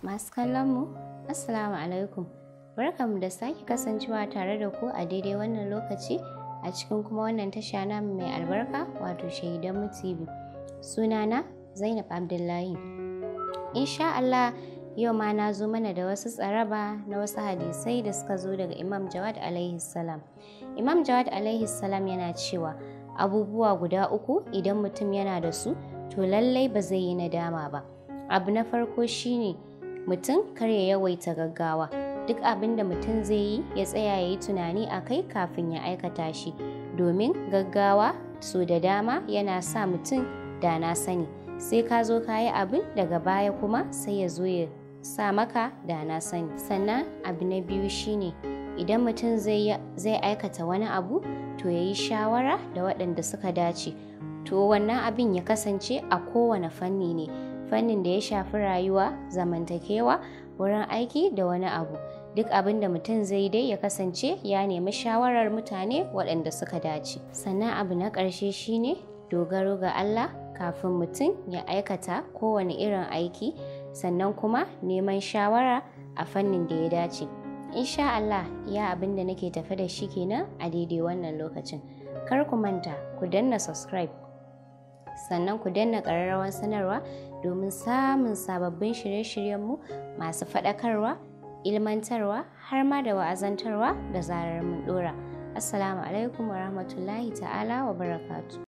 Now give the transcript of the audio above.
Masu kallon mu, Assalamu alaikum. Barkanmu da sake kasancewa tare da ku a daidai wannan lokaci a cikin kuma wannan tasha namu mai albarka wato Shaidanmu TV. Sunana Zainab Abdullahi. Insha Allah yau ma na zo mana da wasu tsaraba na wasu hadisai da suka zo daga Imam Jawad alaihi salam. Imam Jawad alaihi salam yana cewa abubuwa guda uku idan mutum yana da su to lallai ba zai yi nadama ba. Abu na farko shine ne mutum kar ya yawaita gaggawa duk abin da mutum zai yi ya tsaya ya yi tunani a kai kafin ya aikata shi domin gaggawa so da dama yana sa mutum da na sani sai ka zo ka yi abin daga baya kuma sai ya zo ya sa maka da na sani sannan abu na biyu shine idan mutum zai aikata wani abu to ya yi shawara da waɗanda suka dace to wannan abin ya kasance a kowane fanni ne fannin da ya shafi rayuwa zamantakewa wurin aiki da wani abu duk abin da mutum zai dai ya kasance ya nemi shawarar mutane waɗanda suka dace sannan abu na ƙarshe shine dogaro ga allah kafin mutum ya aikata kowane irin aiki sannan kuma neman shawara a fannin da ya dace insha allah ya abin da nake tafe da shi kenan a daidai wannan lokacin kar ku manta ku danna subscribe sannan ku danna ƙararrawar sanarwa domin samun sababbin shirye-shiryenmu masu faɗakarwa ilmantarwa har ma da wa'azantarwa da zarar mun ɗora assalamu alaikum wa rahmatullahi ta'ala wa barakatu